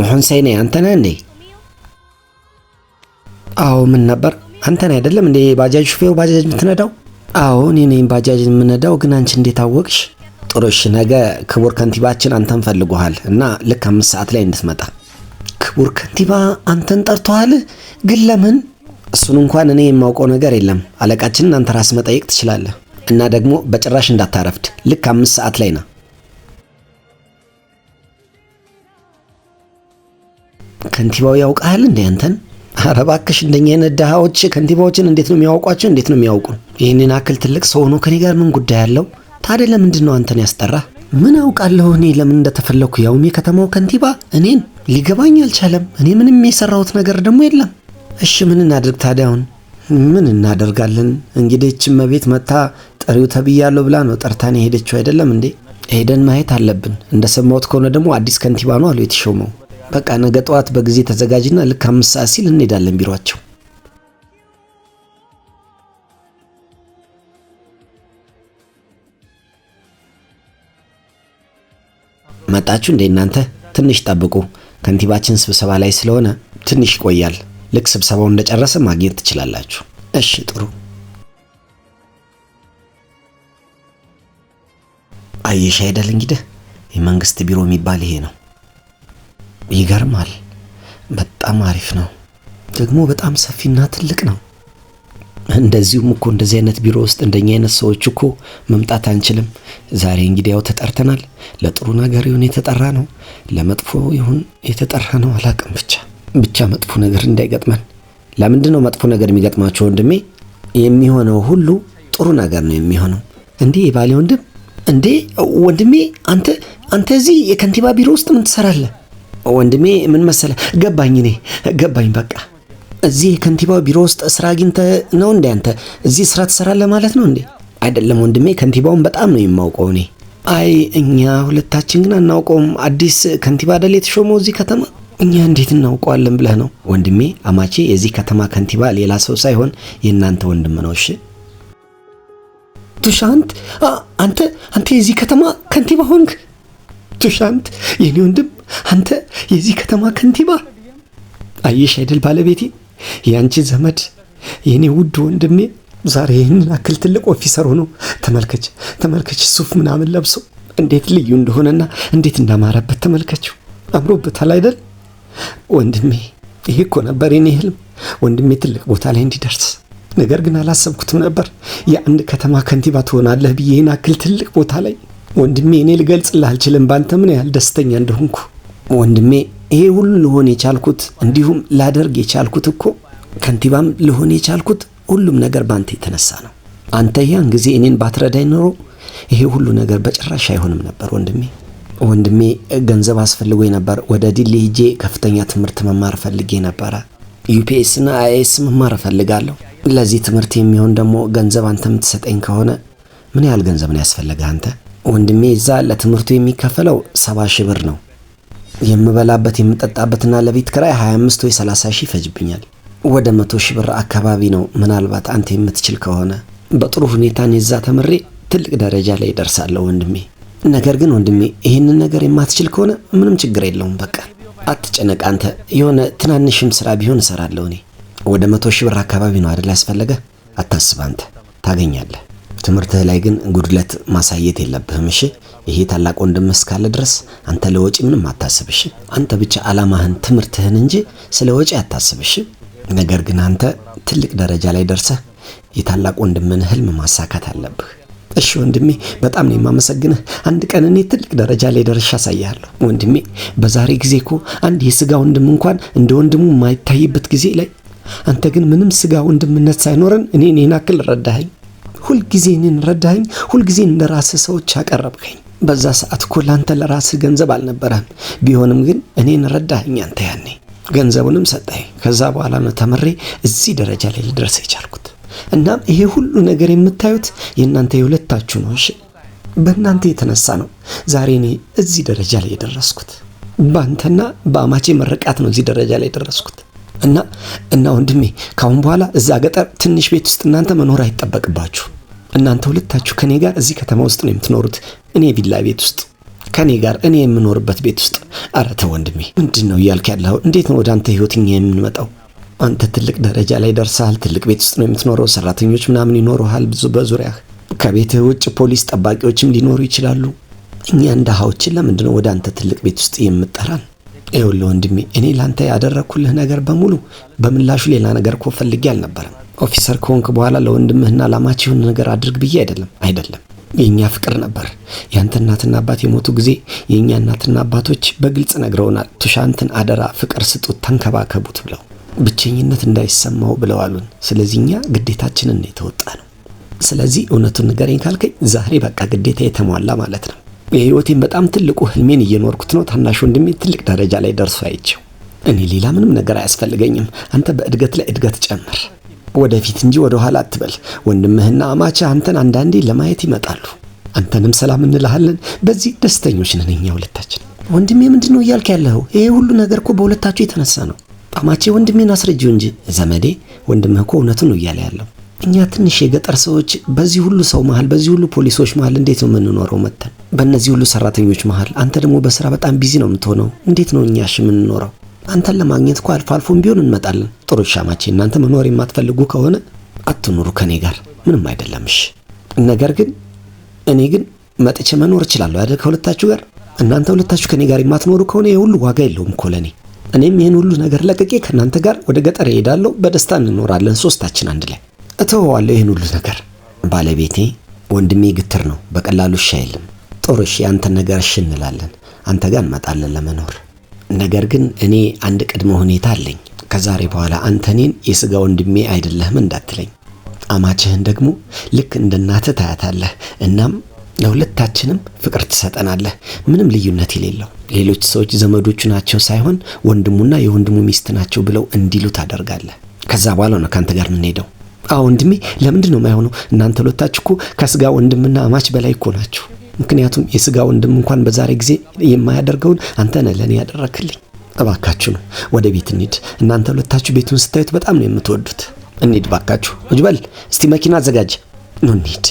መሆን ሳይኔ አንተነህ እንዴ? አዎ ምን ነበር አንተን አይደለም እንዴ ባጃጅ ሹፌው ባጃጅ የምትነዳው? አዎ እኔ ነኝ ባጃጅ የምነዳው። ግን አንቺ እንዴት አወቅሽ? ጥሩሽ ነገ ክቡር ከንቲባችን አንተን ፈልጎሃል እና ልክ አምስት ሰዓት ላይ እንድትመጣ። ክቡር ከንቲባ አንተን ጠርቶሃል? ግን ለምን? እሱን እንኳን እኔ የማውቀው ነገር የለም። አለቃችንን አንተ ራስ መጠየቅ ትችላለህ። እና ደግሞ በጭራሽ እንዳታረፍድ ልክ አምስት ሰዓት ላይ ነው። ከንቲባው ያውቃል እንዴ አንተን? ኧረ እባክሽ እንደኛ አይነት ድሃዎች ከንቲባዎችን እንዴት ነው የሚያውቋቸው? እንዴት ነው የሚያውቁ? ይህንን አክል ትልቅ ሰው ሆኖ ከኔ ጋር ምን ጉዳይ አለው? ታዲያ ለምንድን ነው አንተን ያስጠራ? ምን አውቃለሁ እኔ ለምን እንደተፈለኩ፣ ያውም የከተማው ከንቲባ እኔን ሊገባኝ አልቻለም። እኔ ምንም የሰራሁት ነገር ደግሞ የለም። እሺ ምን እናድርግ ታዲያ? አሁን ምን እናደርጋለን? እንግዲህ መቤት መታ ጠሪው ተብያለሁ ብላ ነው ጠርታን የሄደችው አይደለም እንዴ? ሄደን ማየት አለብን። እንደሰማሁት ከሆነ ደግሞ አዲስ ከንቲባ ነው አሉ የተሾመው። በቃ ነገ ጠዋት በጊዜ ተዘጋጅና ልክ አምስት ሰዓት ሲል እንሄዳለን ቢሯቸው። መጣችሁ እንዴ እናንተ? ትንሽ ጠብቁ፣ ከንቲባችን ስብሰባ ላይ ስለሆነ ትንሽ ይቆያል። ልክ ስብሰባው እንደጨረሰ ማግኘት ትችላላችሁ። እሺ ጥሩ። አየሽ አይደል እንግዲህ የመንግስት ቢሮ የሚባል ይሄ ነው። ይገርማል። በጣም አሪፍ ነው። ደግሞ በጣም ሰፊና ትልቅ ነው። እንደዚሁም እኮ እንደዚህ አይነት ቢሮ ውስጥ እንደኛ አይነት ሰዎች እኮ መምጣት አንችልም። ዛሬ እንግዲህ ያው ተጠርተናል። ለጥሩ ነገር ይሁን የተጠራ ነው፣ ለመጥፎ ይሁን የተጠራ ነው አላቅም። ብቻ ብቻ መጥፎ ነገር እንዳይገጥመን። ለምንድን ነው መጥፎ ነገር የሚገጥማቸው ወንድሜ? የሚሆነው ሁሉ ጥሩ ነገር ነው የሚሆነው። እንዴ የባሌ ወንድም፣ እንዴ ወንድሜ፣ አንተ አንተ እዚህ የከንቲባ ቢሮ ውስጥ ምን ትሰራለህ? ወንድሜ ምን መሰለ፣ ገባኝ፣ እኔ ገባኝ። በቃ እዚህ ከንቲባው ቢሮ ውስጥ ስራ አግኝተህ ነው እንዴ? አንተ እዚህ ስራ ትሰራለህ ማለት ነው እንዴ? አይደለም ወንድሜ፣ ከንቲባውን በጣም ነው የማውቀው እኔ። አይ እኛ ሁለታችን ግን አናውቀውም። አዲስ ከንቲባ አይደል የተሾመው እዚህ ከተማ? እኛ እንዴት እናውቀዋለን ብለህ ነው ወንድሜ? አማቼ የዚህ ከተማ ከንቲባ ሌላ ሰው ሳይሆን የእናንተ ወንድም ነው። እሺ ቱሻንት፣ አንተ አንተ የዚህ ከተማ ከንቲባ ሆንክ? ቱሻንት የኔ ወንድም አንተ የዚህ ከተማ ከንቲባ? አየሽ አይደል ባለቤቴ፣ የአንቺ ዘመድ የእኔ ውድ ወንድሜ ዛሬ ይህንን አክል ትልቅ ኦፊሰር ሆኖ ተመልከች፣ ተመልከች ሱፍ ምናምን ለብሶ እንዴት ልዩ እንደሆነና እንዴት እንዳማረበት ተመልከችው። አምሮበታል አይደል ወንድሜ? ይሄ እኮ ነበር የኔ ህልም ወንድሜ ትልቅ ቦታ ላይ እንዲደርስ። ነገር ግን አላሰብኩትም ነበር የአንድ ከተማ ከንቲባ ትሆናለህ ብዬ ይህን አክል ትልቅ ቦታ ላይ ወንድሜ። እኔ ልገልጽልህ አልችልም ባንተ ምን ያህል ደስተኛ እንደሆንኩ። ወንድሜ ይሄ ሁሉ ልሆን የቻልኩት እንዲሁም ላደርግ የቻልኩት እኮ ከንቲባም ልሆን የቻልኩት ሁሉም ነገር በአንተ የተነሳ ነው። አንተ ያን ጊዜ እኔን ባትረዳኝ ኖሮ ይሄ ሁሉ ነገር በጭራሽ አይሆንም ነበር ወንድሜ። ወንድሜ ገንዘብ አስፈልጎ ነበር። ወደ ዲሌ ሄጄ ከፍተኛ ትምህርት መማር ፈልጌ ነበረ። ዩፒኤስና አይኤስ መማር እፈልጋለሁ። ለዚህ ትምህርት የሚሆን ደግሞ ገንዘብ አንተ የምትሰጠኝ ከሆነ ምን ያህል ገንዘብ ነው ያስፈልገ አንተ ወንድሜ? እዛ ለትምህርቱ የሚከፈለው ሰባ ሺህ ብር ነው። የምበላበት የምጠጣበትና ለቤት ክራይ 25 ወይ 30 ሺህ ይፈጅብኛል። ወደ መቶ ሺህ ብር አካባቢ ነው። ምናልባት አንተ የምትችል ከሆነ በጥሩ ሁኔታ ኔዛ ተምሬ ትልቅ ደረጃ ላይ ደርሳለሁ ወንድሜ። ነገር ግን ወንድሜ ይህንን ነገር የማትችል ከሆነ ምንም ችግር የለውም። በቃ አትጨነቅ አንተ። የሆነ ትናንሽም ስራ ቢሆን እሰራለሁ እኔ። ወደ መቶ ሺህ ብር አካባቢ ነው አደል ያስፈለገ። አታስብ አንተ ታገኛለህ። ትምህርትህ ላይ ግን ጉድለት ማሳየት የለብህም። እሺ ይሄ ታላቅ ወንድም እስካለ ድረስ አንተ ለወጪ ምንም አታስብሽ። አንተ ብቻ አላማህን ትምህርትህን እንጂ ስለ ወጪ አታስብሽ። ነገር ግን አንተ ትልቅ ደረጃ ላይ ደርሰህ የታላቅ ወንድምን ህልም ማሳካት አለብህ። እሺ ወንድሜ በጣም ነው የማመሰግንህ። አንድ ቀን እኔ ትልቅ ደረጃ ላይ ደርሼ አሳይሃለሁ። ወንድሜ በዛሬ ጊዜ እኮ አንድ የስጋ ወንድም እንኳን እንደ ወንድሙ የማይታይበት ጊዜ ላይ አንተ ግን ምንም ስጋ ወንድምነት ሳይኖረን እኔ እኔን አክል ረዳኸኝ። ሁልጊዜ እኔን ረዳኸኝ፣ ሁልጊዜ እንደ ራስህ ሰዎች አቀረብከኝ። በዛ ሰዓት እኮ ላንተ ለራስህ ገንዘብ አልነበረም። ቢሆንም ግን እኔን ረዳኸኝ አንተ ያኔ ገንዘቡንም ሰጠኝ። ከዛ በኋላ ነው ተምሬ እዚህ ደረጃ ላይ ልደርስ የቻልኩት። እናም ይሄ ሁሉ ነገር የምታዩት የእናንተ የሁለታችሁ ነው። እሺ፣ በእናንተ የተነሳ ነው ዛሬ እኔ እዚህ ደረጃ ላይ የደረስኩት። በአንተና በአማቼ መረቃት ነው እዚህ ደረጃ ላይ የደረስኩት። እና እና ወንድሜ ካሁን በኋላ እዛ ገጠር ትንሽ ቤት ውስጥ እናንተ መኖር አይጠበቅባችሁ እናንተ ሁለታችሁ ከኔ ጋር እዚህ ከተማ ውስጥ ነው የምትኖሩት። እኔ ቪላ ቤት ውስጥ ከኔ ጋር እኔ የምኖርበት ቤት ውስጥ። ኧረ ተው ወንድሜ፣ ምንድን ነው እያልክ ያለኸው? እንዴት ነው ወደ አንተ ህይወት እኛ የምንመጣው? አንተ ትልቅ ደረጃ ላይ ደርሰሃል። ትልቅ ቤት ውስጥ ነው የምትኖረው። ሰራተኞች ምናምን ይኖረሃል ብዙ በዙሪያህ። ከቤትህ ውጭ ፖሊስ ጠባቂዎችም ሊኖሩ ይችላሉ። እኛን ድሃዎችን ለምንድን ነው ወደ አንተ ትልቅ ቤት ውስጥ የምጠራን? ይኸውልህ ወንድሜ፣ እኔ ለአንተ ያደረግኩልህ ነገር በሙሉ በምላሹ ሌላ ነገር እኮ ፈልጌ አልነበረም። ኦፊሰር ከሆንክ በኋላ ለወንድምህና ላማች የሆነ ነገር አድርግ ብዬ አይደለም አይደለም የእኛ ፍቅር ነበር። ያንተ እናትና አባት የሞቱ ጊዜ የእኛ እናትና አባቶች በግልጽ ነግረውናል። ቱሻንትን አደራ ፍቅር ስጡት፣ ተንከባከቡት ብለው ብቸኝነት እንዳይሰማው ብለው አሉን። ስለዚህ እኛ ግዴታችንን ነው የተወጣ ነው። ስለዚህ እውነቱን ንገረኝ ካልከኝ ዛሬ በቃ ግዴታ የተሟላ ማለት ነው። የህይወቴን በጣም ትልቁ ህልሜን እየኖርኩት ነው። ታናሽ ወንድሜ ትልቅ ደረጃ ላይ ደርሶ አይቼው እኔ ሌላ ምንም ነገር አያስፈልገኝም። አንተ በእድገት ላይ እድገት ጨምር። ወደፊት እንጂ ወደ ኋላ አትበል። ወንድምህና አማች አንተን አንዳንዴ ለማየት ይመጣሉ። አንተንም ሰላም እንልሃለን። በዚህ ደስተኞች ነን እኛ ሁለታችን። ወንድሜ ምንድን ነው እያልክ ያለኸው? ይሄ ሁሉ ነገር እኮ በሁለታችሁ የተነሳ ነው። አማቼ ወንድሜን አስረጂው እንጂ ዘመዴ፣ ወንድምህ እኮ እውነቱን ነው እያለ ያለው። እኛ ትንሽ የገጠር ሰዎች በዚህ ሁሉ ሰው መሃል፣ በዚህ ሁሉ ፖሊሶች መሃል እንዴት ነው የምንኖረው? መተን በእነዚህ ሁሉ ሰራተኞች መሀል አንተ ደግሞ በስራ በጣም ቢዚ ነው የምትሆነው። እንዴት ነው እኛሽ የምንኖረው? አንተን ለማግኘት እኮ አልፎ አልፎም ቢሆን እንመጣለን። ጥሩ ሻማቼ፣ እናንተ መኖር የማትፈልጉ ከሆነ አትኑሩ ከኔ ጋር ምንም አይደለምሽ። ነገር ግን እኔ ግን መጥቼ መኖር እችላለሁ አይደል? ከሁለታችሁ ጋር እናንተ ሁለታችሁ ከኔ ጋር የማትኖሩ ከሆነ የሁሉ ዋጋ የለውም እኮ ለእኔ። እኔም ይህን ሁሉ ነገር ለቅቄ ከእናንተ ጋር ወደ ገጠር እሄዳለሁ። በደስታ እንኖራለን ሶስታችን አንድ ላይ። እተወዋለሁ ይህን ሁሉ ነገር። ባለቤቴ ወንድሜ ግትር ነው፣ በቀላሉ እሺ አይልም። ጦር እሺ፣ አንተን ነገር እሺ እንላለን። አንተ ጋር እንመጣለን ለመኖር ነገር ግን እኔ አንድ ቅድመ ሁኔታ አለኝ። ከዛሬ በኋላ አንተ እኔን የሥጋ ወንድሜ አይደለህም እንዳትለኝ፣ አማችህን ደግሞ ልክ እንደ እናትህ ታያታለህ። እናም ለሁለታችንም ፍቅር ትሰጠናለህ፣ ምንም ልዩነት የሌለው። ሌሎች ሰዎች ዘመዶቹ ናቸው ሳይሆን ወንድሙና የወንድሙ ሚስት ናቸው ብለው እንዲሉ ታደርጋለህ። ከዛ በኋላ ነው ከአንተ ጋር የምንሄደው። አዎ ወንድሜ፣ ለምንድን ነው የማይሆነው? እናንተ ሁለታችሁ እኮ ከሥጋ ወንድምና አማች በላይ እኮ ናችሁ። ምክንያቱም የስጋ ወንድም እንኳን በዛሬ ጊዜ የማያደርገውን አንተ ነህ ለእኔ ያደረክልኝ። እባካችሁ ነው ወደ ቤት እንሂድ። እናንተ ሁለታችሁ ቤቱን ስታዩት በጣም ነው የምትወዱት። እንሂድ ባካችሁ። እጅበል እስቲ መኪና አዘጋጅ ነው እንሂድ።